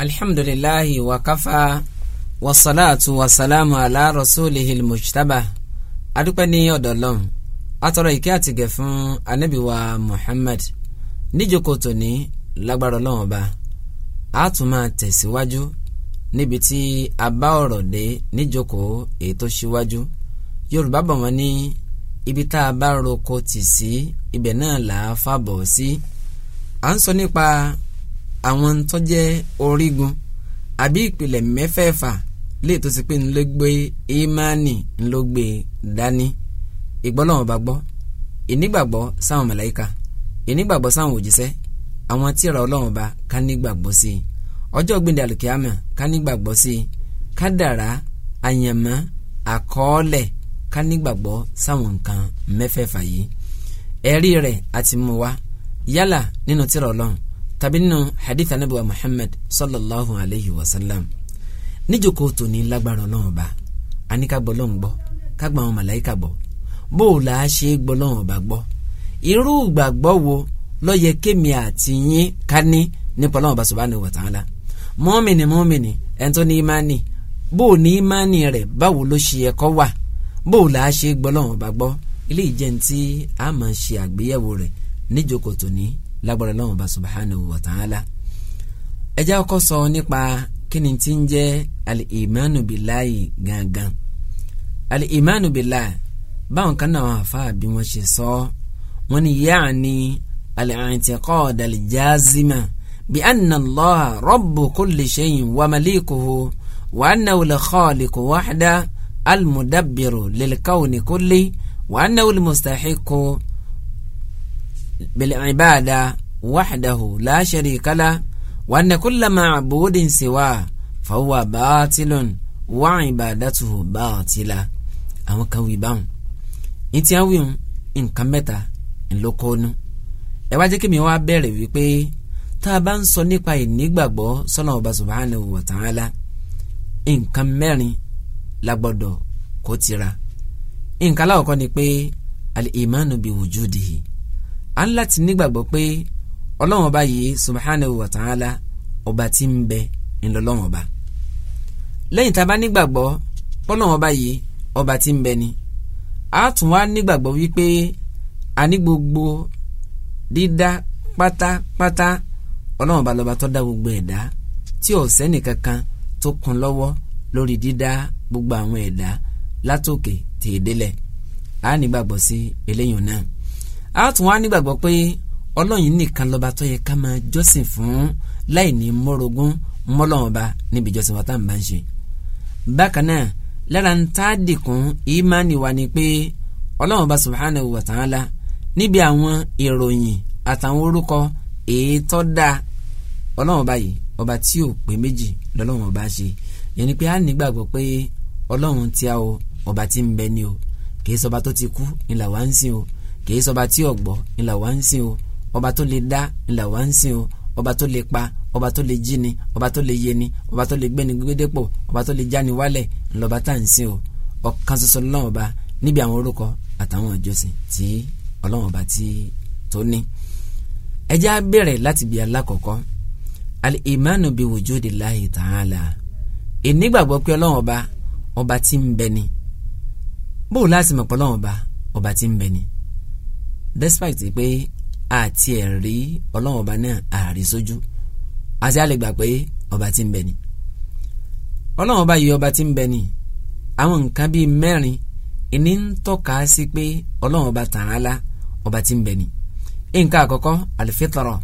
alhamdulilahi wakafa wasalaatu wasalaamu ala rasulihi mujtaba adúpẹ́ ní ọ̀dọ̀ lọ́n atọ́rọ ìkẹ́ àtìgẹ̀ fún anabiwa muhammad níjókòó tòní lágbára ọlọ́wọ́n ba a tún máa tẹ̀síwájú níbi tí a bá ọ̀rọ̀ dé níjókòó ètò síwájú yorùbá bọ̀ wọ́n ní ibi tá a bá roko tì sí ibẹ̀ náà là á fàbọ̀ sí à ń sọ nípa àwọn tó jẹ́ orígun àbí ìpìlẹ̀ mẹ́fẹ̀ẹ̀fà lè tó ti pé ńlọ gbé ìmánì ńlọ gbé dání ìgbọ́lọ́wọ́ bá gbọ́ ìnígbàgbọ́ sáwọn màláíkà ìnígbàgbọ́ sáwọn òjíṣẹ́ àwọn tírà Ọlọ́run bá ká nígbàgbọ́ sí i ọjọ́ gbẹ̀dẹ̀ àlùkìyàmà ká nígbàgbọ́ sí i kádàrá àyànmọ́ àkọọ́lẹ̀ ká nígbàgbọ́ sáwọn nǹkan mẹ́fẹ̀ẹ̀fà yìí ẹ̀rí rẹ̀ àti mú wa yálà nínú tírà Ọlọ́run tàbí nínú hadith anabi wa muhammad sallallahu alayhi wa sallam níjòkó tòní lágbára ọlọ́run ba àníká gbọ́ lọ́n gbọ́ ká gba àwọn màláìka gbọ́ bó o là á ṣe gbọ́ lọ́run ọba gbọ́ irú ìgbàgbọ́ wo ló yẹ kémi àti yín ká ní nípa ọlọ́run ọba subhanahu wa ta'ala mọ́mìnì mọ́mìnì ẹni tó ní ìmánì bó o ní ìmánì rẹ̀ báwo ló ṣe ẹ̀kọ́ wà bó o là á ṣe gbọ́ lọ́run ọba gbọ́ ilé ìjẹun tí a máa ṣe àgbéyẹ̀wò rẹ̀ níjòkó tòní lágbára lọ́wọ́ bá subhanahu wa ta'ala ẹ jẹ́ kó sọ nípa kíni tí ń jẹ́ al-imanu billahi gangan al-imanu billahi báwọn kan náà àfa bí wọ́n ṣe sọ wọ́n ní yaani al-i'tiqad al-jazima bi anna allaha rabbu kulli shay'in wa malikuhu wa annahu al-khaliqu wahda al-mudabbiru lil-kawni kulli wa بالعبادة وحده لا شريك له وأن كل معبود سواه فهو باطل وعبادته باطلة àwọn kan wí báwọn ntí àwọn wíwọn nǹkan mẹ́ta ńlọkọ́nù ẹ wá jẹ́ kí mi wá bẹ̀rẹ̀ wípé tá a bá ń sọ nípa ìnígbàgbọ́ sọ́nà ọba subhanahu wa ta'ala mẹ́rin la gbọ́dọ̀ kó tira nǹkan aláwọ̀kọ́ ni pé al-imanu bi wujudihi à ń láti nígbàgbọ́ pé ọlọ́run ọba yìí subhanahu wa ta'ala ọba tí ń bẹ ńlọlọ́run ọba lẹ́yìn tá a bá nígbàgbọ́ ọlọ́run ọba yìí ọba tí ń bẹ ni a tún wá nígbàgbọ́ wípé a ní gbogbo dídá pátápátá ọlọ́run ọba lọ́ba tó dá gbogbo ẹ̀dá tí ò sẹ́ni kankan tó kún lọ́wọ́ lórí dídá gbogbo àwọn ẹ̀dá látòkè tèèdélẹ̀ a nígbàgbọ́ sí eléyìí náà a tún wá nígbàgbọ́ pé ọlọ́run nìkan lọ́ba tó yẹ ká máa jọ́sìn fún láì ní mọ́rogún mọ́lọ́wọ́ba níbi ìjọsìn wa tá à ń bá ń ṣe. bákan náà lára ń tá a dìkún ìmánì wa ni pé ọlọ́run ọba subhanahu wa ta'ala níbi àwọn ìròyìn àtàwọn orúkọ èyí tó dáa ọlọ́run ọba yìí ọba tí ò pé méjì lọ́lọ́run ọba ṣe yẹn ni pé a nígbàgbọ́ pé ọlọ́run tí a o ọba tí ń bẹ ni o kì í sọba tó ti kú ni làwa ń sìn o kìí sọba tí ọ̀gbọ́ ńlá wa ń sìn o ọba tó lè dá ńlá wa ń sìn o ọba tó lè pa ọba tó lè jí ni ọba tó lè yé ni ọba tó lè gbé ni gbédépò ọba tó lè já ni wálẹ̀ ńlọba tá à ń sìn o ọ̀kan ṣoṣo lọ́wọ́n ọba níbi àwọn orúkọ àtàwọn ìjọsìn tí ọlọ́wọ́n ọba tí tó ní. ẹ á bẹ̀rẹ̀ láti bí alákọ̀ọ́kọ́ al-imanu bi wujudillahi ta'ala ìnígbàgbọ́ pé ọlọ́wọ́n ọba ọba tí ń bẹ ni bóòlù despite pé àti ẹ̀rí ọlọ́run ọba náà àárí sójú àti a lè gbà pé ọba tí ń bẹ ni ọlọ́run ọba yìí ọba tí ń bẹ ni àwọn nǹkan bíi mẹ́rin ìní ń tọ́ka sí pé ọlọ́run ọba tààlà ọba tí ń bẹ ni nǹkan àkọ́kọ́ àlìfẹ́tọ̀rọ̀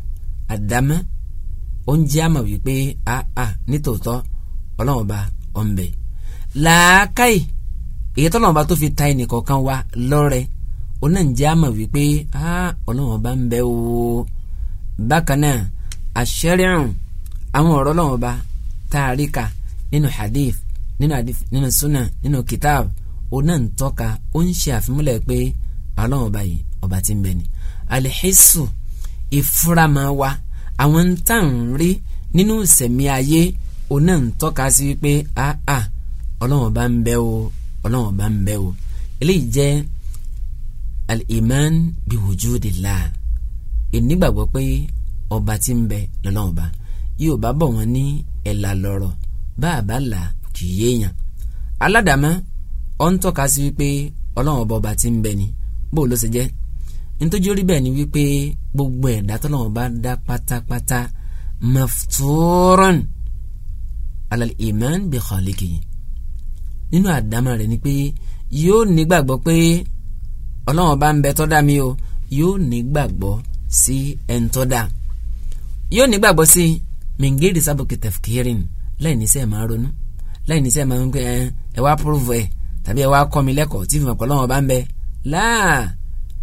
àdámẹ́ oúnjẹ àmọ̀ wípé àà nítòótọ́ ọlọ́run ọba ọ̀nbẹ làákàyè èyí tọ́lọ́run ọba tó fi ta ẹnìkọ̀ọ̀kan wa lọ́rẹ̀ẹ́ Ona náà ń jẹ́ àmọ̀ wípé ọlọ́run ọba ń bẹ o bákan náà àṣẹrìrùn àwọn ọ̀rọ̀ ọlọ́run ọba tá nínú hadith nínú hadith nínú sunna nínú kitab ona náà ń tọ́ka ó ń ṣe àfimúlẹ̀ pé ọlọ́run ọba yìí ọba ti ń bẹ ni alihisu ìfura máa wá àwọn ń tàn rí nínú ìsẹ̀mí ayé òun ń tọ́ka sí wípé ọlọ́run ọba ń bẹ o ọlọ́run ọba ń bẹ o eléyìí jẹ́ al-iman bi wujudillah ìnígbàgbọ́ pé ọba tí ń bẹ lọ́lọ́run ọba yóò bá bọ̀ wọ́n ní ẹ̀là lọ́rọ̀ bá a bá là kì í yéèyàn aládàámá ọ̀ ń tọ́ka sí wípé ọlọ́run ọba ọba tí ń bẹ ni bó ló ṣe jẹ́ nítorí bẹ́ẹ̀ ni wípé gbogbo ẹ̀dá tọ́lọ́run ọba dá pátápátá mafturan alal iman bi khaliqi nínú àdámọ́ rẹ̀ ni pé yóò nígbàgbọ́ pé ọlọ́run ọba ń bẹ tọ́dá mi o yóò nígbàgbọ́ sí ẹni tọ́dá yóò nígbàgbọ́ sí mingeri sábòkè tẹ̀fìkìrìn láì ní sẹ́ẹ̀ máa ronú láì ní sẹ́ẹ̀ máa ń pẹ́ ẹ wá púrúfù ẹ tàbí ẹ wá kọ́ mi lẹ́kọ̀ọ́ tí fìmọ̀ pọ̀ ọlọ́run ọba ń bẹ láà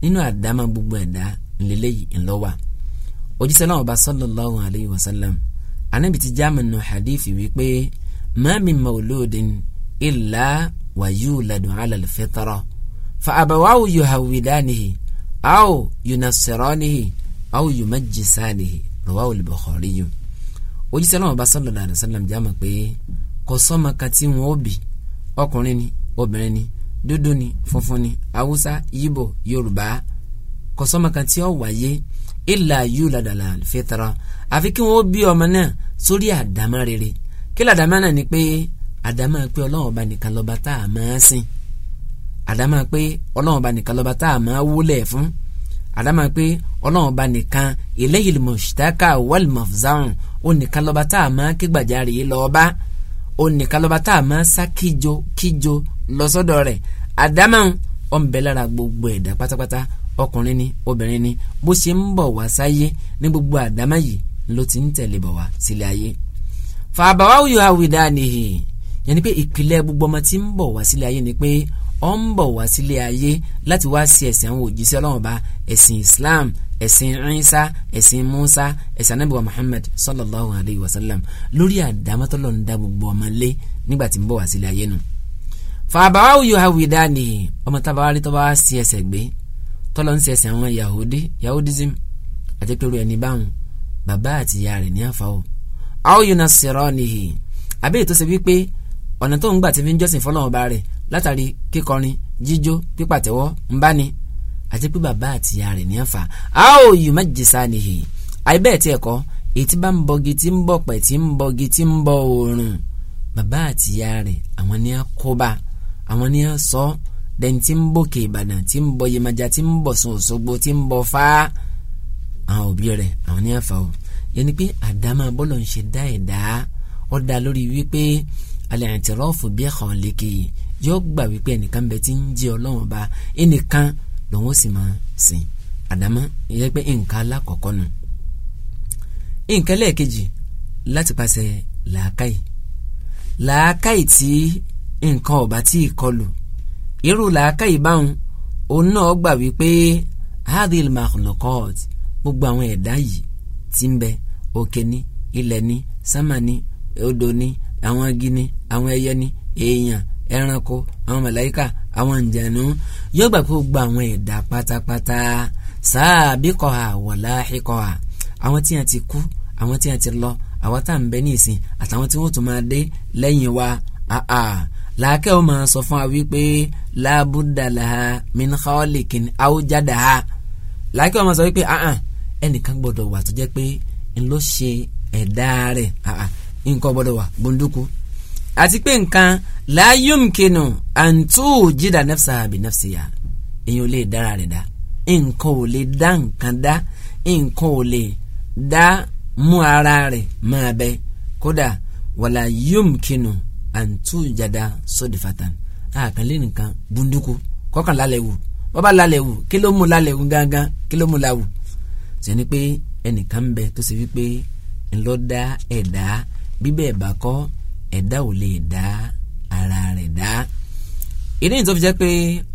nínú àdámọ́ gbogbo ẹ̀dá ńlẹ́lẹ́yìí ńlọ́wà òjíṣẹ́ náà ọba sallallahu alayhi wa sallam anabi ti hadith wípé ma min mawludin illa wa yuladu ala al fa abawahu yuhawidanihi aw yunasiranihi aw yumajisanihi rawahu al-Bukhari yìí òjíṣẹ́ náà bá sallallahu alaihi wasallam jáàmù pé kò sọ́mọ kan tí wọ́n ó bí ọkùnrin ni obìnrin ni dúdú ni funfun ni haúsá yíbò yorùbá kò sọ́mọ kan tí ó wáyé ìlà yúladàlà fitra àfi kí wọ́n ó bí ọmọ náà sórí àdámá rere kí làdámá náà ni pé àdámá pé ọlọ́run nìkan lọ́ba tá a máa sìn àdámà pé ọlọ́run ọba nìkan lọ́ba tá a máa wúlẹ̀ fún àdámà pé ọlọ́run ọba nìkan ilayhil mushtaka wal mafza'un ó nìkan lọ́ba tá a máa ké gbàjarè yìí lọ́ọ́bá ó nìkan lọ́ba tá a máa sá kíjo kíjo lọ́sọ́dọ̀ rẹ̀ àdámà ọ̀nbẹ lára gbogbo ẹ̀dá pátápátá ọkùnrin ni obìnrin ni bó ṣe ń bọ̀ wá sáyé ní gbogbo àdámà yìí ló ti ń tẹ̀lé bọ̀ wá sílẹ̀ ayé fàbàwáwù àwìdá nìyí yẹn ni pé ìpìlẹ̀ gbogbo ọmọ tí ń bọ̀ wá sílé ayé ni pé ọ ń bọ̀ wá sílé ayé láti wá sí ẹ̀sìn àwọn òjíṣẹ́ Ọlọ́run Ọba ẹ̀sìn Islam ẹ̀sìn Ìsá ẹ̀sìn Musa ẹ̀sìn anábìwá Muhammad sallallahu alayhi wa sallam lórí àdámọ́tọ́lọ́ ń da gbogbo ọmọ lé nígbà tí ń bọ̀ wá sílé ayé nù. fàbáwá yóò ha wí dání ọmọ tábàá rí tọ́ba sí ẹsẹ̀ gbé tọ́lọ́ ń sí ẹsẹ̀ àwọn Yahudi Yahudism àti pẹ̀lú ẹni báwọn bàbá àti ìyá rẹ̀ ní àfáwọ̀. àwọn yóò na sẹ̀rọ̀ nìyí àbẹ́yẹ tó ṣe wípé ọ̀nà tó ń gbà tí fi ń jọ́sìn fọlọ́run ọba rẹ̀ látàrí kíkọrin jíjó pípàtẹ́wọ́ ńbáni àti pé bàbá àtìyá rẹ̀ ní ẹ̀fà a ò yù má jìsà nìyí àìbẹ́ẹ̀ tí ẹ̀kọ́ ètí bá ń bọgi tí ń bọ̀ pẹ̀ tí ń bọgi tí ń bọ̀ oòrùn bàbá àtìyá rẹ̀ àwọn ní akóbá àwọn ní asọ́ dẹ́ni tí ń bòkè Ìbàdàn tí ń bọ Yemọja tí ń bọ̀ Ọ̀ṣun Òṣogbo tí ń bọ̀ fá àwọn òbí rẹ̀ àwọn ní ẹ̀fà o yẹn pé àdámà bọ́lọ̀ ń ṣe dá ẹ̀dá ó dá lórí wípé al-i'tirafu bi khaliqi yóò gbà wípé ẹnìkan bẹ tí ń jẹ́ ọlọ́run ba ẹnìkan lòun ó sì máa sìn àdámọ́ ìyẹn pé nǹkan alákọ̀ọ́kọ́ nù nǹkan lẹ́ẹ̀kejì láti pàṣẹ làákàyè làákàyè tí nǹkan ọ̀bà tí ì kọlù irú làákàyè báwọn òun náà gbà wípé hadil makhluqat gbogbo àwọn ẹ̀dá yìí tí ń bẹ òkè ní ilẹ̀ ní sámà ní odò ní àwọn igi ni àwọn ẹyẹ ni èèyàn ẹranko àwọn màláíkà àwọn ìjànú yóò gbà kó gba àwọn ẹ̀dá pátápátá sáàbí kọ̀ha wọ̀lá ìkọ̀ha àwọn tí wọ́n ti kú àwọn tí wọ́n ti lọ àwọn tá à ń bẹ ní ìsìn àtàwọn tí wọ́n tún máa dé lẹ́yìn wa àà làákẹ́ ò máa sọ fún wa wípé lábúdàlàhà mìnkàólìkìn àwùjádàhà làákẹ́ ò máa sọ wípé àà ẹnìkan gbọ́dọ̀ wà tó jẹ́ pé ńlọ ṣe ẹ̀dá rẹ̀ àà nǹkan gbọ́dọ̀ wà gbóndúkú àti pé nǹkan láyọ̀m kinu àǹtú jìdá nafsa àbí nafsi ya èyàn ò lè dára rẹ̀ dá nǹkan ò lè dá nǹkan dá nǹkan ò lè dá mú ara rẹ̀ máa bẹ kódà wàlá yọ̀m kinu àǹtú jàdá sódìfàtàn àkànlé nìkan gbóndúkú kọ́kàn lálẹ́ wù bọ́bá lálẹ́ wù kí ló wù gángan kí ló sẹ́ni pé ẹnìkan bẹ tó ṣe wípé ńlọ́dá ẹ̀dá bíbẹ̀ bá kọ́ ẹ̀dá ò lè dá ara rẹ̀ dá. fi jẹ́ pé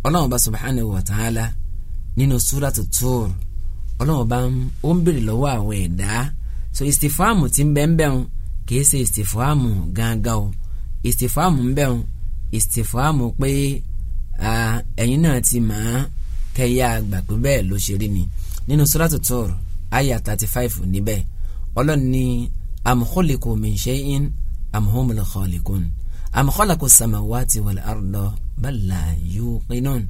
ọlọ́run bá subhanahu nínú suratu Tur ọlọ́run bá ń bèrè lọ́wọ́ àwọn ẹ̀dá so istifamu ti ń bẹ́ẹ̀ bẹ́ẹ̀ kìí ṣe istifamu gángan o istifamu ń bẹ́ẹ̀ istifamu pé ẹ̀yin náà ti kẹ́yà àgbà pé bẹ́ẹ̀ ló ṣe rí ni nínú am khuliqu min shay'in am humul khaliqun am khalaqu samawati wal arda bal la yuqinun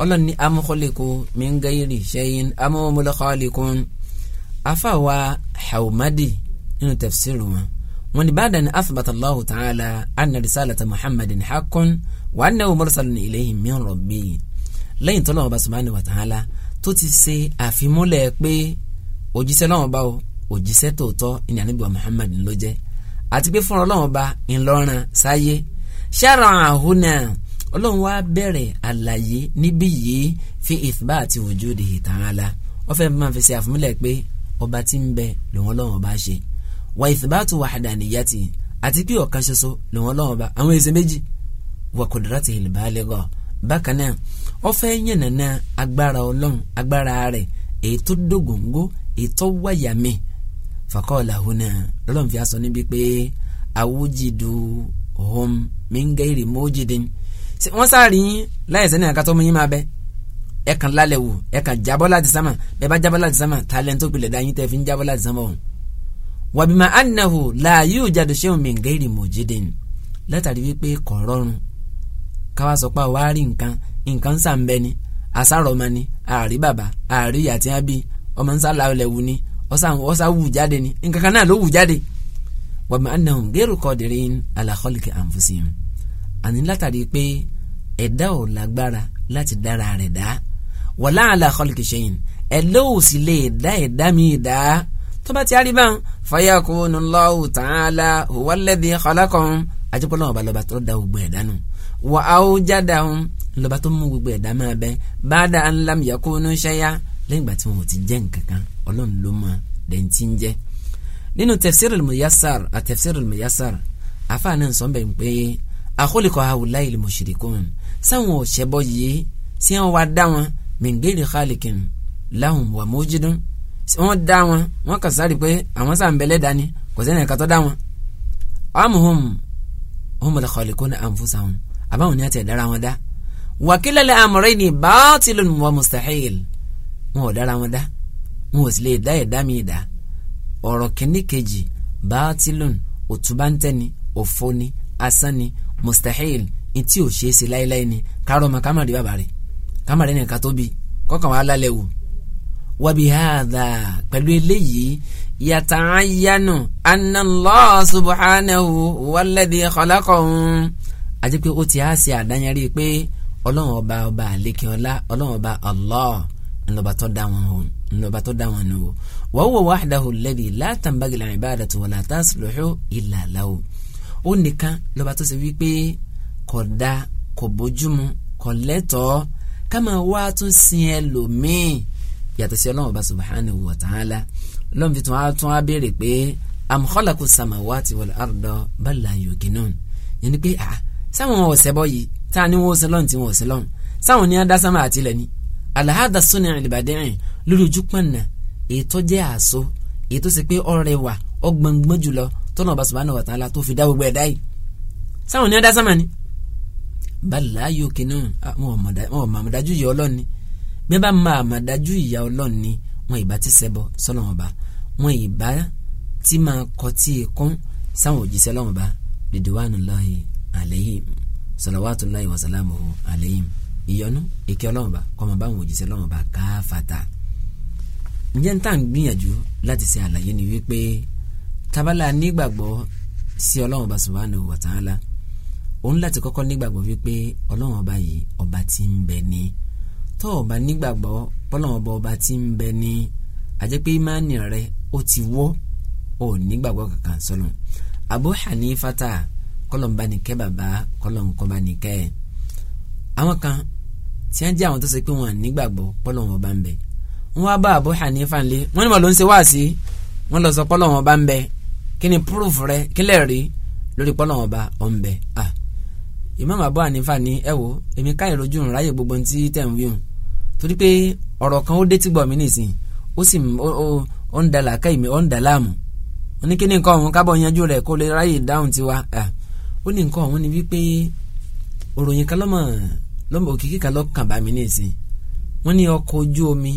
ọlọ́run ní am khuliqu min ghayri shay'in am humul khaliqun afáwa hawmadi nínú tafsiru wọn wọn ni báadà ni athbata allahu ta'ala anna risalata muhammadin haqqun wa annahu mursalun ilayhim min rabbihi lẹ́yìn tó lọ́wọ́ bá subhanahu wa ta'ala tó ti ṣe àfimúlẹ̀ pé òjíṣẹ́ lọ́wọ́ bá òjíṣẹ́ tòótọ́ ní ànábì Muhammad ló jẹ́ àti pé fúnra ọlọ́run ọba ńlọrọrìn sáyé ṣẹ́ràn àhúnà ọlọ́run wá bẹ̀rẹ̀ àlàyé níbí yìí fi ìfúbà àti wujudihi ta'ala wọ́n fẹ́ máa fi ṣe àfúnmílẹ̀ pé ọba tí ń bẹ lòun ọlọ́run ọba ṣe wà ìfúbàtù wahdaniyati àti pé ọ̀kan ṣoṣo lòun ọlọ́run ọba àwọn èsè méjì wà qudratihil baligha bákan náà wọ́n fẹ́ yànnàná agbára ọlọ́run agbára rẹ̀ èyí tó dógóńgó èyí tó wáyàmí fakọ́ọ̀lá hona lọ́lọ́n fi aṣọ níbi pé awújìdù hom mingeri mojidin wọ́n sáàrin láyé sẹ́ni àkàtọ́ mi yín máa bẹ́ ẹ kàn lálẹ́ wò ẹ kàn jábọ́ láti sámà bẹ́ẹ̀ bá jábọ́ láti sámà tálẹ́ tó dáyín tẹ́ fi ń jábọ́ láti sámà o. wàbímọ anahu la yóò jáde ṣéun mingeri mojidin látàrí wípé kò rọrùn káwá sọ pé àwa rí nǹkan nǹkan sàǹbẹ ni àṣàrọ̀mọ ni àrí bàbá àrí yàtí ábí ọmọ nsàlàwẹ̀lẹ̀ wù ni ọ̀sán ọ̀sán wù jáde ni nǹkan kan náà ló wù jáde wa ma annahum ghayru qadirin ala khalqi àní látàrí pé ẹ̀dá ò lágbára láti dára rẹ̀ dá wala ala khalqi shay'in ẹ̀dá ò sì lè dá ẹ̀dá mi dá tó bá ti á rí báwọn fayakunu Allahu ta'ala huwa alladhi khalaqahum ajẹ́pọ̀lọ́ ọba tó da gbogbo ẹ̀dá nù wa awjadahum lọ́ba tó mú gbogbo ẹ̀dá máa bẹ ba'da an lam yakunu shay'a lẹ́yìn ìgbà tí wọn ò ti jẹ́ nǹkan ọlọ́run ló mọ dẹ̀ntì ń jẹ́ nínú tafsir al-muyassar àtafsir al-muyassar àfáà náà sọ bẹ́ẹ̀ pé àkólìkọ haulai al-mushrikun sáwọn òṣèbọ yìí tí wọn wá dá wọn mingeri khalikin lahum wa mujidun wọn dá wọn wọn kà sáré pé àwọn sáà ń bẹ̀lẹ̀ dání kò sẹ́ni ẹ̀ka tó dá wọn. amuhum humul khalikuna anfusahum àbáwọn ni a tẹ̀ dára wọn dá wàkílẹ̀ lẹ́ amrayni batilun wa mustahil wọn ò dára wọn dá wọn ò sì lè dá ẹ̀dá mi dá ọ̀rọ̀ kìíní kejì baatilun òtúbántẹ́ni òfoni asani mustahil etí ò ṣeé ṣe láéláé ni kárọ̀ ọmọ kámàrí bàbá rẹ̀ kámàrí nìkan tó bi kọ́kàn wàá lálẹ́ wò wàbí hàdà pẹ̀lú eléyìí yàtàáyánu anàlọ́ subuhánahu wàlẹ́dì kọ́lákọ̀ọ́hún àti pé ó ti á ṣe àdáyẹrí pé ọlọ́run ọba ọba àlékè ọlá ọlọ́run ọba Allah ńlọba tó dá ńlọba tó dá wọn nù o wa huwa wahdahu alladhi la tanbaghi al-ibadatu wa la tasluhu illa lahu ó nìkan lọ́ba tó ṣe wípé kò dá kò bójúmu kò lẹ́tọ̀ọ́ ká máa wá tún sin ẹlòmíì yàtọ̀ sí ọlọ́run ọba subhanahu wa ta'ala lọ́n fi tún á tún á béèrè pé am khalaqu samawati wal arda bal la yuqinun yẹn ni pé ah sáwọn wọn yìí tá a ní wọn ọ̀sẹ̀ lọ́n tí wọn ọ̀sẹ̀ lọ́n sáwọn ní adásánmà àtìlẹ̀ ni alahada sunni alibadẹ́rìn lórí ojú pọ̀nà èyí tó jẹ́ àṣọ èyí tó ṣe pé ọrẹ wà ọgbọ̀ngbọ̀n jùlọ tọ́nà ọba subhanahu wa ta'ala tó fi dá gbogbo ẹ̀dá yìí sáwọn ní ọdá sámà ni bala yóò kinu wọn ò màmúdájú ìyá ọlọ́run ni bí wọ́n bá màmúdájú ìyá ọlọ́run ni wọn ìbá ti ṣẹbọ sọ́nà ọba wọn ìbá ti máa kọtí kún sáwọn òjíṣẹ́ ọlọ́run ọba ridwanullahi alayhim salawatullahi wa salamuhu alayhim ìyọnu ìkẹ́ ọlọ́run ǹjẹ́ níta ń gbìyànjú láti ṣe àlàyé ni wípé tabala nígbàgbọ́ sí ọlọ́run ọba subhanahu wa ta'ala òun láti kọ́kọ́ nígbàgbọ́ wípé ọlọ́run ọba yìí ọba tí ń bẹ ni tó o bá nígbàgbọ́ pọ́lọ́run ọba ọba tí ń bẹ ni àjẹ́ pé ìmánì rẹ ó ti wọ́ ò nígbàgbọ́ kankan sọ́nù Abu Hanifata kọ́lọ̀ǹba nìkẹ́ bàbá kọ́lọ̀ǹkọ́ba nìkẹ́ àwọn kan tí wọ́n jẹ́ àwọn tó ṣe pé wọ́n nígbàgbọ́ pọ́lọ́run ọba ń bẹ wọ́n wá bá Abu Hanifa ńlẹ wọ́n ní mo ló ń ṣe wáàsí wọ́n lọ sọ pé Ọlọ́hun Ọba ń bẹ kí ni proof rẹ kí lè rí lórí pé Ọlọ́hun Ọba ọ̀ ń bẹ à Imam Abu Hanifa ní ẹ wo èmi ká ìrojú ń ráyè gbogbo ní tí tẹ̀ ń wíhùn torí pé ọ̀rọ̀ kan ó dé tí gbọ̀ mí nìsín ó sì ó ń da làákà ìmí ó ń da láàmú ó ní kí ni nǹkan ọ̀hún kábọ̀ yanjú rẹ̀ kó lè ráyè dáhùn tiwa ó ní nǹkan ọ̀hún ni wípé òròyìn kan lọ́mọ òkìkí kan lọ́kàn bá mi nìsín wọ́n ní ọkọ̀ ojú omi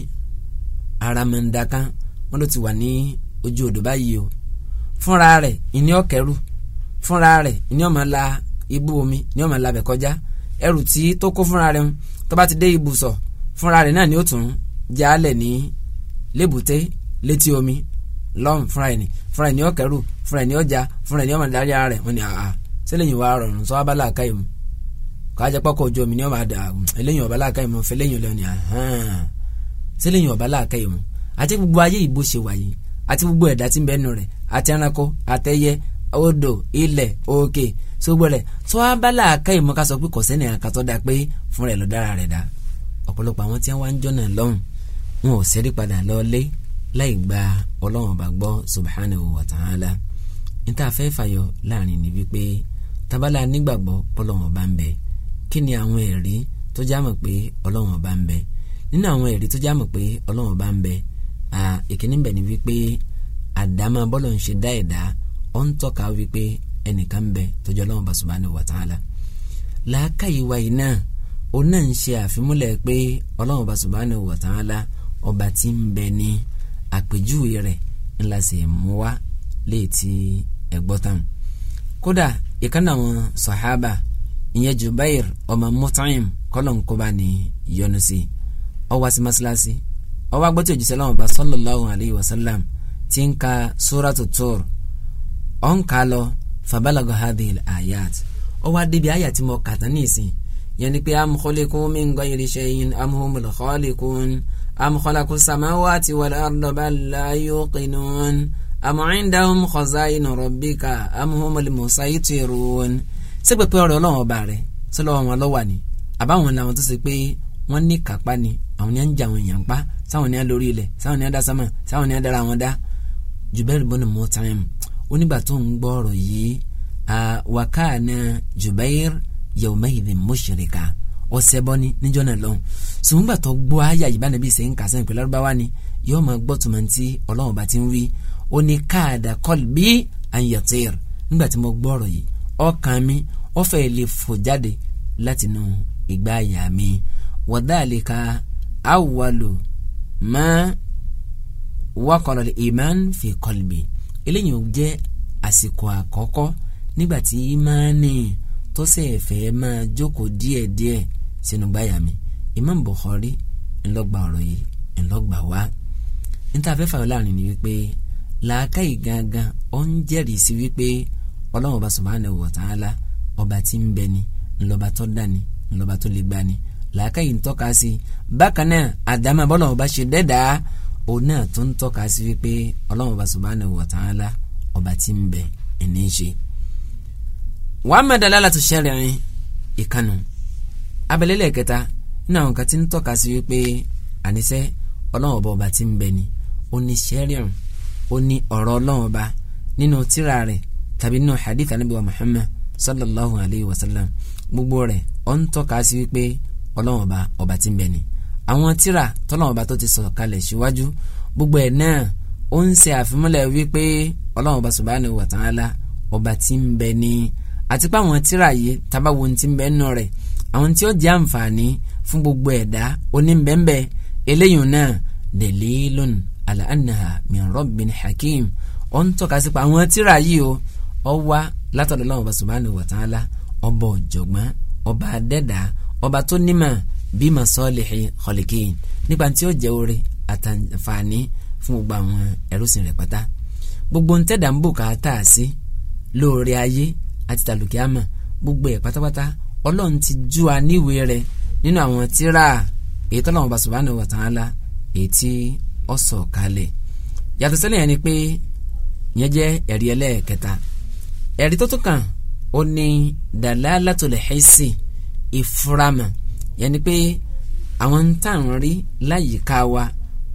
aramandaka wọn ló ti wà ní ojú odò báyìí o fúnra rẹ̀ ìní ọ̀kẹ́rù fúnra rẹ̀ ìní ọ̀mà la ibú omi ní ọ̀mà labẹ̀ kọjá ẹrù tí tó kó fúnra rẹ̀ tó bá ti dé ibùsọ̀ fúnra rẹ̀ náà ni ó tún jálẹ̀ ní lébùté létí omi lọ́n fúnra ẹni fúnra ẹni ọ̀kẹ́rù fúnra ẹni ọjà fúnra ẹni ọmọ adarí ara rẹ̀ wọ́n ní àá sẹ́lẹ̀yìn wa rọrùn sọ abala àká ìmù kọ́ ajẹ́pọ̀ ojú omi ní ọmọ àdá eléyìn ọ̀bá làákà ìmù fẹ́lẹ́yìn lọ́ni àhán sẹ́lẹ̀yìn ọ̀bá làákà yìí mu àti gbogbo ayé ìbò ṣe wáyé àti gbogbo ẹ̀dá tí ń bẹ́ẹ̀ nù rẹ̀ àti ẹranko àtẹyẹ odò ilẹ̀ òkè sógbó rẹ̀ tó wá bá làákà yìí mu ká sọ pé kò sẹ́ni àkà tó dáa pé fún rẹ̀ ló dára rẹ̀ dá ọ̀pọ̀lọpọ̀ àwọn tí wọ́n ń jọ́nà lọ́hùn wọn ò sẹ́rí padà lọ láì gba ọlọ́run ọba gbọ́ subhanahu wa ta'ala níta fẹ́ fàyọ láàrin ni wípé tabala nígbàgbọ́ ọlọ́run ọba ń bẹ kí ni àwọn ẹ̀rí tó já nínú àwọn ẹ̀rí tó jámọ̀ pé ọlọ́run bá ń bẹ ìkíní bẹ̀ ni wípé àdámà bọ́lọ̀ ń ṣe dá ẹ̀dá ó ń tọ́ka wípé ẹnìkan ń bẹ tó ọlọ́run bá subhanahu wa ta'ala làákàyè wa yìí náà òun náà ń ṣe àfimúlẹ̀ pé ọlọ́run bá subhanahu wa ta'ala ọba tí ń bẹ ní àpèjúwe rẹ̀ ńlá sì mú wá léètì ẹ̀gbọ́ tán kódà ìkànnì àwọn sàhábà ìyẹn Jubair ọmọ Mut'im kọ́lọ̀ ń kóbá ní yọnu sí i ó wá sí mọ́sálásí ó wá gbọ́ tí òjíṣẹ́ lọ́wọ́ bá sallallahu alayhi wa sallam ti ń ka suratu Tur ó ń kà á lọ fabalago hadhihi ayat ó wá débi àyà tí mo kà pé am khuliqu min ghayri shay'in am humul khaliqun am khalaqu samawati wal arda bal la yuqinun am indahum khaza'inu rabbika am humul musaytirun ọ̀rọ̀ Ọlọ́run ọba rẹ̀ wọn lọ́wọ́ ni àbáwọn làwọn tó ṣe pé wọ́n ní kápá ni àwọn ni à ń jà àwọn èèyàn pa sáwọn ni à lórí ilẹ̀ sáwọn ni à dá sáwọn ni à dára wọn dá Jubair bọ́nà Mutaim onígbà tó ń gbọ́ ọ̀rọ̀ yìí wakana Jubair yawmaidhin mushrika ọ̀sẹ̀ bọ́ ni níjọ́ náà lọ́hùn ṣùgbọ́n gbà tó gbọ́ àyà yìí bá nàbí ṣe ń kà sẹ́yìn pẹ̀lú arúgbáwá ni yóò máa gbọ́ tó máa ti ọlọ́run bá ti ń wí ó ní káàdà qalbi an yatir nígbà tí mo gbọ́ ọ̀rọ̀ yìí ọkàn mi ó fẹ́ lè fò jáde látinú ìgbà àyà mi wa dhalika awwalu ma waqara al-iman fi qalbi eléyìí ò jẹ́ àsìkò àkọ́kọ́ nígbàtí ìmánì tó ṣe fẹ́ máa jókòó díẹ̀díẹ̀ sínú gbáyà mi Imam Bukhari ńlọgba ọ̀rọ̀ yìí ńlọgba wá níta afẹ́fà yọ láàrin ni wípé làákàyè gangan ó ń jẹ́rìí sí wípé Ọlọ́run ọba subhanahu wa ta'ala ọba tí ń bẹ ni ńlọba tó dá ńlọba tó lè gbá làákàyè ń tọ́ka sí bákan náà àdámà bọ́lá ọba ṣe dẹ́dàá òun náà tó ń tọ́ka sí wípé ọlọ́run ọba subhanahu wa ta'ala ọba tí ń bẹ ẹni ń ṣe. wàá má dalalatu shar'i ìkànnù abẹ́lẹ́lẹ̀ kẹta nínú àwọn kan tí ń tọ́ka sí wípé àníṣe ọlọ́run ọba ọba tí ń bẹ ni ó ní shar'i ó ní ọ̀rọ̀ ọlọ́run ọba nínú tírà rẹ̀ tàbí nínú hadith anabi wa muhammed sallallahu alayhi wa sallam gbogbo rẹ̀ ó tọ́ka sí wípé ọlọ́run ọba ọba tí ń bẹ ni àwọn tíra tọ́lọ́run ọba tó ti sọ kalẹ̀ síwájú gbogbo ẹ̀ náà ó ń ṣe àfimúlẹ̀ wípé ọlọ́run ọba subhanahu wa ta'ala ọba tí ń bẹ ni àti pé àwọn tíra yìí tabawo ti ń bẹ nù rẹ̀ àwọn tí ó jẹ́ àǹfààní fún gbogbo ẹ̀dá oníbẹ̀ǹbẹ̀ eléyìí náà dalilun ala annaha min rabbin hakim ó ń tọ́ka sí pa àwọn tíra yìí o ọ wá látọ̀dọ̀ ọlọ́run ọba subhanahu wa ta'ala ọba ọ̀jọ̀gbọ́n ọba adẹ́dàá ọba tó nímọ̀ bí masọ́ọ̀lìhì kọ̀lìkìn nípa tí ó jẹ́ oore àtàǹfààní fún gbogbo àwọn ẹrúsìn rẹ̀ pátá gbogbo ntẹ́dà ń bò ká tà á sí lóore ayé àti tàlùkìámà gbogbo ẹ̀ pátápátá ọlọ́run ti jú a níwèé rẹ̀ nínú àwọn tírà èyí tọ́lọ́run ọba subhanahu wa ta'ala èyí tí ó sọ̀ kalẹ̀ yàtọ̀ sẹ́lẹ̀ yẹn ni pé yẹn jẹ́ ẹ̀rí ẹlẹ́ẹ̀kẹta ẹ̀rí tó tó kàn ó ní dalalatul hissi ìfuramọ̀ yẹni pé àwọn ń tàn rí láyìíká wa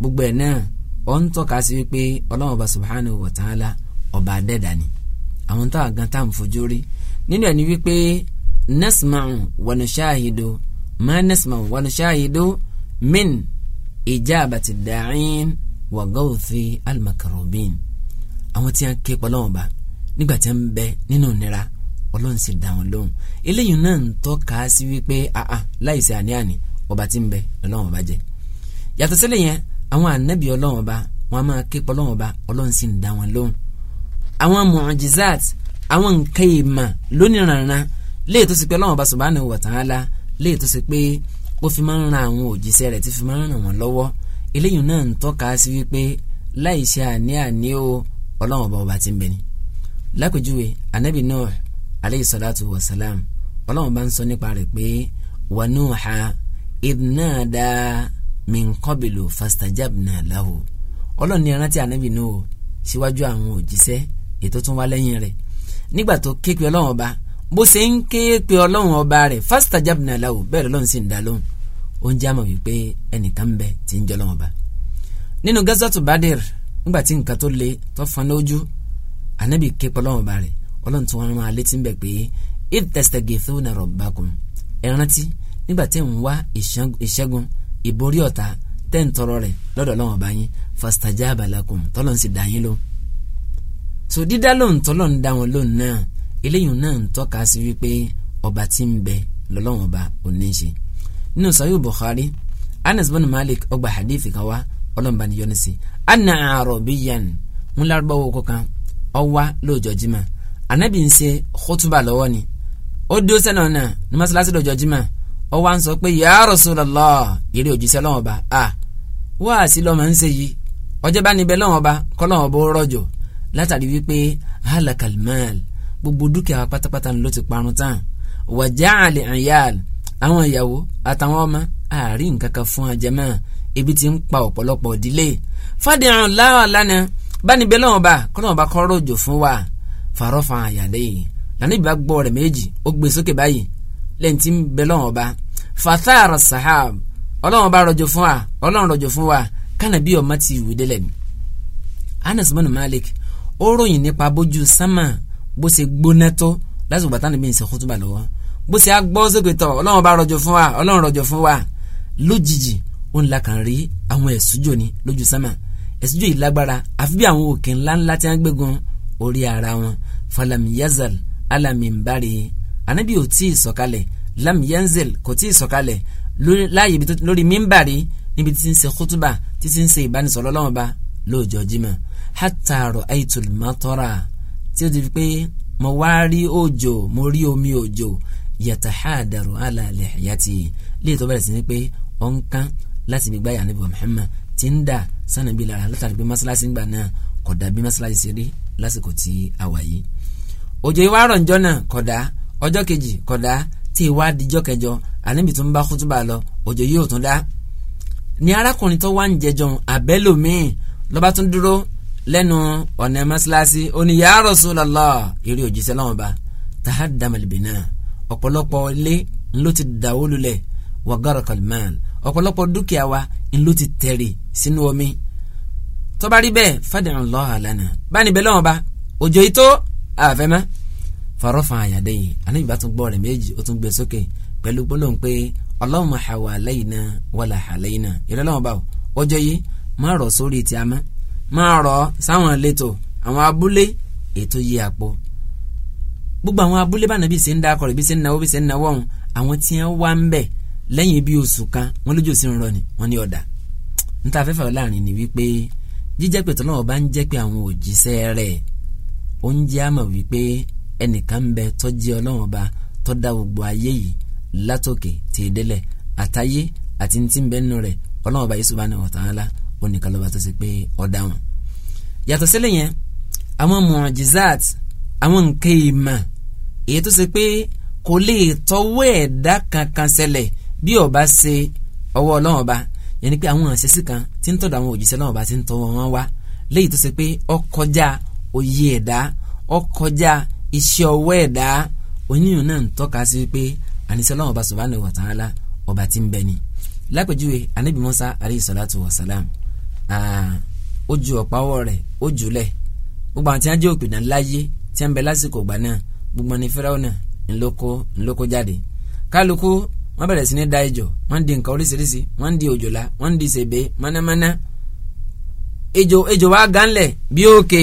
gbogbo ẹ̀ náà ó ń tọ́ka sí wípé ọlọ́run ọba subhanahu wa ta'ala ọba adẹ́dà ni àwọn ń tọ́ àgàn tá à ń fojú rí nínú ẹ̀ ni wípé nasma'u wa nushahidu ma nasma'u wa nushahidu min ijabati da'in wa gawthi al-makarubin àwọn tí a ké pọ́lọ́wọ́n nígbà tí a bẹ nínú ìnira ọlọ́run sì dá wọn lóhùn eléyìí náà ń tọ́ka sí wípé àà láìsí àní-àní ọba tí ń bẹ lọ́lọ́run ọba jẹ́ yàtọ̀ sílẹ̀ yẹn àwọn ànábì ọlọ́run ọba wọn a máa ké pọ̀ ọlọ́run ọba ọlọ́run sì ń dá wọn lóhùn àwọn mọ̀ọ́jìzáàt àwọn nǹkan ìmà lónìrànran léè tó sì pé ọlọ́run ọba subhanahu wa ta'ala léè tó sì pé ó fi máa ń ran àwọn òjíṣẹ́ rẹ̀ tí fi máa ń ràn wọ́n lọ́wọ́ eléyìí náà ń tọ́ka sí wípé láìsí àní-àní o ọlọ́run ọba ọba tí ń bẹ ni lápèjúwe ànábì Nuh aleyhi salatu wa salam ọlọ́run bá ń sọ nípa rẹ̀ pé wa Nuha idh nada min qablu fastajabna lahu ọlọ́run ní arántí ànábì Nuhu síwájú àwọn òjíṣẹ́ ètò tún wá lẹ́yìn rẹ̀ nígbà tó ké pe ọlọ́run ọba bó ṣe ń ké pe ọlọ́run ọba rẹ̀ fastajabna lahu bẹ́ẹ̀ lọ́run sì ń dá lóhùn ó ń já mọ̀ wípé ẹnìkan ń bẹ tí ń jẹ́ ọlọ́run ọba nínú gazatu Badir nígbà tí nǹkan tó le tó fọn lójú ànábì ké pe ọlọ́run ọba rẹ̀ ọlọ́run tí wọ́n máa létí ń bẹ̀ pé if tastaghithuna rabbakum ẹ rántí nígbà tẹ́ ń wá ìṣẹ́gun ìborí ọ̀tá tẹ́ ń tọrọ rẹ̀ lọ́dọ̀ ọlọ́run ọba yín fastajaba lakum tọ́lọ́ ń sì dá yín ló. so dídá lóhùn tọ́lọ́ ń dá wọn lóhùn náà eléyìí náà ń tọ́ka sí wípé ọba tí ń bẹ lọ́lọ́run ọba ò ní í ṣe. nínú sọ́yìn Bukhari Anas bin anabi ń ṣe khutuba lọ́wọ́ ni ó dúró sẹ́nà ọ̀nà ní mọ́sálásí lọ́jọ́ jimá ó wá ń sọ pé ya Rasulullah eré ba a wá àsì lọ́mọ ń ṣe yìí ọjọ́ bá níbẹ̀ lọ́wọ́ ba kọ́ lọ́wọ́ bó rọ̀jò látàrí wípé halakal mal gbogbo dúkìá pátápátá ló ti parun tán wàjáàlì àyàl àwọn ìyàwó àtàwọn ọmọ àárín kankan fún ajẹmọ́ ebi ti ń pa ọ̀pọ̀lọpọ̀ ìdílé fàdíhàn láwàlánà bá níbẹ̀ lọ́wọ́ ba kọ́ lọ́wọ́ ba kọ́ rọ̀jò fún farọ́fà àyàdé yìí lànà ìbá gbọ́ rẹ̀ méjì ó gbé sókè báyìí lẹ́yìn tí ń bẹ lọ́wọ́n ọba fathar sahab ọlọ́wọ́n bá rọ̀jò fún wa ọlọ́wọ́n rọ̀jò fún wa kánà bí ọmọ ti ìwé délẹ̀ ni. Anas bin Malik ó ròyìn nípa bójú sánmà bó ṣe gbóná tó lásìkò bàtà níbi ìṣe kútùbà lọ́wọ́ bó ṣe agbọ́ sókè tọ̀ ọlọ́wọ́n bá rọ̀jò fún wa ọlọ́wọ́n rọ̀jò fún wa lójijì ó ń la kàn rí àwọn ẹ̀sùjò ni lójú sánmà ẹ̀sùjò yìí lágbára àfi bí àwọn òkè ńláńlá tí wọ́n gbégun orí ara wọn falam yazal alamimbari anabi ò tí ì sọ̀kalẹ̀ lam yanzil kò tí ì sọ̀kalẹ̀ láàyè lórí mímbàrí níbi tí ń ṣe kútúbà títí ń ṣe ìbánisọ̀rọ̀ lọ́wọ́ bá lóòjọ́ jimá hátàrọ̀ aitul matora, tí ó ti fi pé mo wá rí òjò mo rí omi òjò yàtàhádàrú alàlẹ̀ àyàtì lè tó bẹ̀rẹ̀ sí ni pé ọ̀nkán láti gbígbá yàrá níbi Muhammad tí ń dà sànàbí lára látàrí pé mọ́sálásí ń gbà náà kódà bí mọ́sálásí ṣe rí lásìkò tí a wà yìí òjò ìwà rọ̀ ǹjọ́ náà kódà ọjọ́ kejì kódà tí ìwà àdìjọ́ kẹjọ àníbi tó ń bá kútúbà lọ òjò yóò tún dá ní arákùnrin tó wá ń jẹjọun àbẹ́lòmíì lọ́ba tún dúró lẹ́nu ọ̀nà mọ́sálásí ó ní ya Rasulullah eré òjíṣẹ́ lọ́wọ́ ba tahaddamal bina ọ̀pọ̀lọpọ̀ ilé ńlọ ti dàwó lulẹ̀ wa garakal ọ̀pọ̀lọpọ̀ dúkìá wa ńlọ ti tẹ̀rì sínú omi tó bá rí bẹ́ẹ̀ fadàn Allah lana báni bẹ́ẹ̀ lọ́wọ́ bá òjò yìí tó àfẹ́ mọ́ farofa àyàdé yìí àná ìbá tún gbọ́ rẹ̀ méjì ó tún gbé sókè pẹ̀lú gbólóhùn pé Allahumma hawalaina wala halaina ìrẹ́ lọ́wọ́ bá òjò yìí má rọ̀ sórí ti amá má rọ̀ sáwọn ìletò àwọn abúlé ètò yìí àpò gbogbo àwọn abúlé bá nàbí ṣe ń dákọ̀ rẹ̀ bí ṣe ń náwó bí ṣe ń náwó ọ̀hún àwọn tí wọ́n wá ń bẹ̀ lẹ́yìn bí oṣù kan wọ́n lójú sí ń rọ ni wọ́n ní ọ̀dà níta afẹ́fẹ́ láàrin ni wípé jíjẹ́ pé tọ́lọ́wọ́ bá ń jẹ́ pé àwọn òjíṣẹ́ rẹ̀ ó ń jẹ́ àmọ̀ wípé ẹnìkan ń bẹ tó jẹ́ Ọlọ́run Ọba tó dá gbogbo ayé yìí látòkè tí ì délẹ̀ àtayé àti ntí ń bẹ nínú rẹ̀ Ọlọ́run Ọba Subhanahu wa Ta'ala oníkan lọ́ba tó ṣe pé ó dáhùn. yàtọ̀ sílẹ̀ yẹn àwọn mọ̀ọ́jìzáàt àwọn nǹkan ìmọ̀ èyí tó ṣe pé kò lè tọwọ́ ẹ̀dá kankan ṣẹlẹ̀ bí ó ṣe ọwọ́ Ọlọ́run Ọba yẹn ni pé àwọn àṣẹṣe kan tí ń tọ̀dọ̀ àwọn òjíṣẹ́ náà bá ti ń tọ́ wọn wá léyìí tó ṣe pé ó kọjá òye ẹ̀dá ó kọjá iṣẹ́ ọwọ́ ẹ̀dá oníyàn náà ń tọ́ka sí pé àníṣe ọlọ́run ọba subhanahu wa ta'ala ọba tí ń bẹ ni lápèjúwe anabi musa aleyhi salatu wa salam ó ju ọ̀páwọ́ rẹ̀ ó jùlẹ̀ gbogbo àwọn tí wọ́n jẹ́ òpìdán láyé tí wọ́n bẹ lásìkò ìgbà náà gbogbo wọ́n bẹ̀rẹ̀ sí ní da ejò wọ́n di nǹkan oríṣiríṣi wọ́n di òjòlá wọ́n di sèbè mánámáná ejò ejò wa gánlẹ̀ bí òkè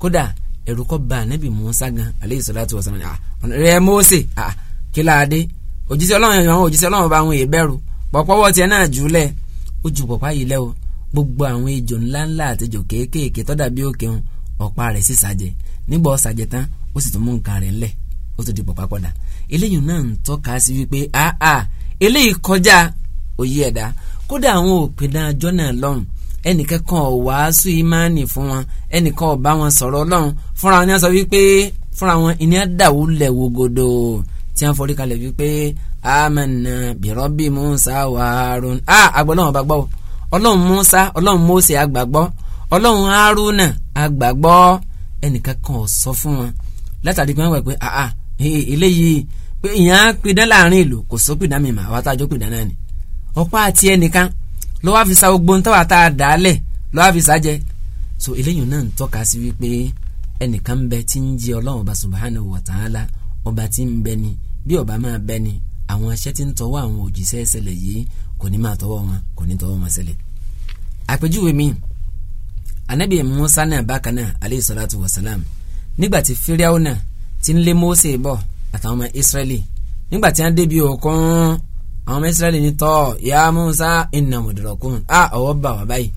kódà ẹ̀rù kọ́ ba ànábì Mùsá gan aleyhi salatu wa salam ah, rẹ̀ mose ah, kíláàdé òjíṣẹ́ Ọlọ́run yẹn àwọn òjíṣẹ́ ọlọrun bá àwọn èèyàn bẹ̀rù pọ̀pọ́wọ́ tiẹ̀ náà jù ó ju yìí gbogbo àwọn ńláńlá kéékèèké bí òkè sì nígbà tán ó sì tún mú nǹkan ó tó di pọ̀pá padà eléyìí náà ń tọ́ka sí wípé àà eléyìí kọjá òye ẹ̀dá kódà àwọn òpinna àjọ náà lọ́rùn ẹnìkan kan ò wàásù ìmánì fún wọn ẹnìkan ò bá wọn sọ̀rọ̀ ọlọ́run fúnra wọn ni wọ́n sọ wípé fúnra wọn ìní àdàwù lẹ̀ wògodò tí wọ́n forí kalẹ̀ wípé amanna birọ́bì musa wa harun a àgbọ̀ náà ọlọ́run musa ọlọ́run mose àgbàgbọ́ ọlọ́run haruna àgbàgbọ́ ẹnìkan sọ fún wọn látàrí pé wọ́n wẹ̀ pé àà eléyìí pé ìyẹn á pidán láàrin ìlú kò sọ pidán mi mà wá tá a jọ pidán náà ni ọ̀pá àti ẹnìkan ló wá fi sa gbogbo ntọ́wà tá a dà á lẹ̀ ló wá fi sa jẹ so eléyìí náà ń tọ́ka sí wípé ẹnìkan bẹ tí ń jẹ ọlọ́run ọba subhanahu wa ta'ala ọba tí ń bẹ ni bí ọba máa bẹ ni àwọn aṣẹ́ tí ń tọwọ́ àwọn òjíṣẹ́ ṣẹlẹ̀ yìí kò ní máa tọwọ́ wọn kò ní tọwọ́ wọn ṣẹlẹ̀ àpèjúwe mi anabi musa náà bákan náà aleyhi salatu wa salam nígbà tí fíríàwọ̀ náà tí ń lé Mósè bọ̀ àtàwọn ọmọ Ísírẹ́lì nígbà tí wọ́n débi òkun àwọn ọmọ Ísírẹ́lì ní tọ́ ya Musa iná mọ̀dọ̀rọ̀kùn á ọwọ́ bà wá báyìí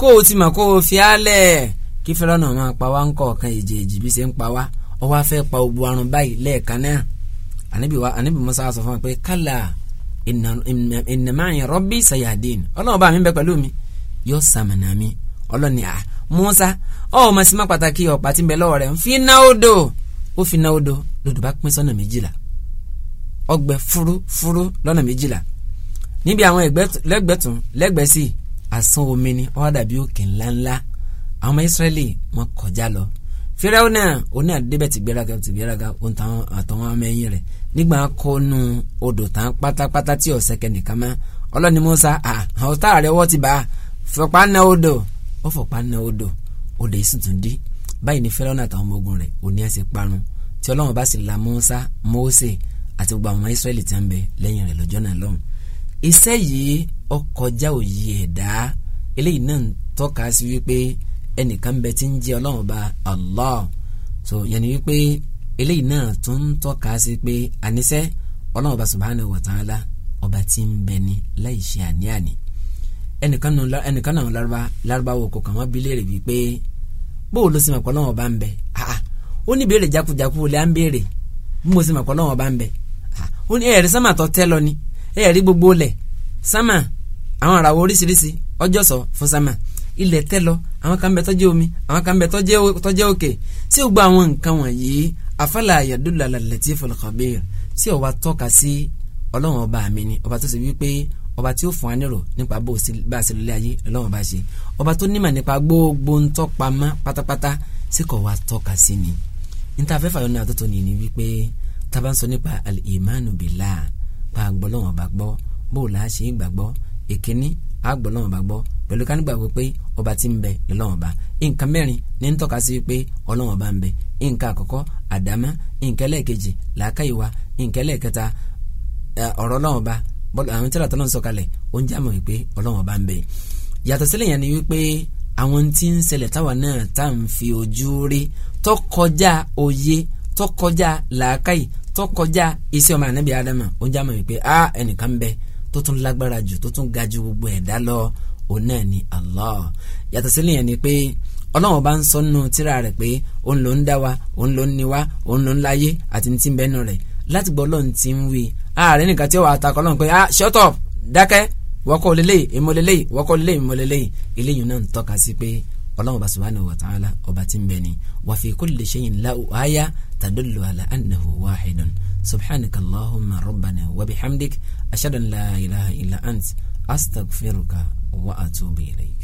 kó o ti mà kó o fi álẹ̀ kí Fẹ́ránù máa pa wá ńkọ̀ kan èjèèjì bí ṣe ń pa wá ó wá pa ogun arun báyìí lẹ́ẹ̀kan náà ànábì wa ànábì Musa sọ fún wa pé kálá ìnàmáyìn rọ́bì sayadin ọlọ́run bá mi bẹ pẹ̀lú mi yóò sàmìnà mi ọlọ́ni à Musa ọ̀ mọ̀ sí má pàtàkì ọ̀pá tí ń bẹ lọ́wọ́ rẹ̀ ń fi náà ó dò ó fi náwó dọ lódò bá pín sọ́nà méjìlá ọgbẹ́ fúrú fúrú lọ́nà méjìlá níbi àwọn lẹ́gbẹ̀tún lẹ́gbẹ̀sì àsán omi ni wọ́n dàbí òkè ńláńlá àwọn ọmọ Ísírẹ́lì wọ́n kọjá lọ fíráwó náà òun náà débẹ̀ ti gbéraga ti gbéraga òun táwọn àtọwọn ọmọ ẹ̀yìn rẹ̀ nígbà kọ́nu odò tán pátápátá tí ọ̀sẹ̀kẹ̀ nìkan mọ́ ọlọ́ni Mùsá àwọn táàrẹ̀ wọ́n ti bá fọ̀pá náà odò ó fọ̀pá náà odò odò yìí sì tún dí báyìí ni Fáráò àtàwọn ọmọ ogun rẹ̀ òní ẹ̀ ṣe parun tí Ọlọ́run bá sì la Mùsá Mósè àti gbogbo àwọn ọmọ Ísírẹ́lì tí ń bẹ lẹ́yìn rẹ̀ lọ́jọ́ náà lọ́hùn. iṣẹ́ yìí ó òye ẹ̀dá eléyìí náà ń tọ́ka sí wípé ẹnìkan bẹ tí ń jẹ́ Ọlọ́run bá Allah so yẹn wípé eléyìí náà tún ń tọ́ka sí pé àníṣe Ọlọ́run bá Subhanahu wa Ta'ala ọba tí ń bẹ ni láì ṣe àní-àní ẹnìkan náà lárúbáwò kò wọ́n bí léèrè wípé bóò ló sì mọ̀ pọ̀ lọ́wọ́ bá ń bẹ àà ó ní ìbéèrè jákujáku olè à ń béèrè bí mo sì mọ̀ pọ̀ lọ́wọ́ bá ń bẹ àà ó ní ẹ̀rí sámà tó tẹ́ lọ ni ẹ̀rí gbogbo lẹ̀ sámà àwọn àràwọ̀ oríṣiríṣi ọjọ́ sọ fún sámà ilẹ̀ tẹ́ lọ àwọn kan bẹ tó omi àwọn kan bẹ tó òkè tí ó àwọn nǹkan wọ̀nyí afala yadulala latiful khabir tí sí ọlọ́run ni ọba tó ọba tí ó fún wa nírò nípa bó a ṣe lólé ayé lọ́wọ́ bá ṣe ọba tó nímọ̀ nípa gbogbo ń tọ́pa pátápátá sí kò wá tọ́ka sí ni níta afẹ́fà yọ ní àtọ́tọ́ ni ni wípé tábà ń sọ nípa al-imanu pa àgbọ̀lọ́wọ̀n bá gbọ́ bó o láà ṣe ìgbàgbọ́ èkíní àgbọ̀lọ́wọ̀n bá gbọ́ pẹ̀lú ká nígbàgbọ́ pé ọba ti ń bẹ lọ́wọ́n bá nǹkan mẹ́rin ní ń tọ́ka sí pé ọlọ́wọ́n bá ń bẹ nǹkan àkọ́kọ́ àdámá nǹkan ẹlẹ́ẹ̀kejì làákàyè wa nǹkan ẹlẹ́ẹ̀kẹta ọ̀rọ̀ ọlọ́wọ́n bá bọ́ọ̀lù àwọn tíra tọ́lọ́ ń sọ̀kalẹ̀ oúnjẹ àmọ̀ wípé ọlọ́wọ́n bá ń bẹ yàtọ̀ sílẹ̀ yẹn ni wípé àwọn tí ń ṣẹlẹ̀ táwa náà tá à ń fi ojú rí tó kọjá òye tó kọjá làákàyè tó kọjá iṣẹ́ ọmọ ànábì ádámà oúnjẹ àmọ̀ wípé a ẹnìkan ń bẹ tó tún lágbára jù tó tún ga ju gbogbo ẹ̀dá lọ òun náà ni Allah yàtọ̀ sílẹ̀ yẹn ni pé ọlọ́run bá ń sọ tíra rẹ̀ pé òun ló ń dá wa òun ló ń ni wa òun ló ń láyé àti ní tí ń bẹ́nu rẹ̀ láti gbọ́ ọlọ́run ti ń wí ààrẹ nìkan tí ó wà á takọ ọlọ́run pé ah shut up dákẹ́ wọ́kọ́ lélẹ́yìí ìmọ̀lélẹ́yìí wọ́kọ́ lélẹ́yìí ìmọ̀lélẹ́yìí eléyìí náà ń tọ́ka sí pé ọlọ́run ọba subhanahu wa ta'ala ọba tí ń bẹ ni wa fi kulli shay'in lahu aya tadullu ala annahu wahidun subhanaka allahumma rabbana wa bihamdik ashhadu la ilaha illa ant astaghfiruka wa atubu ilayk.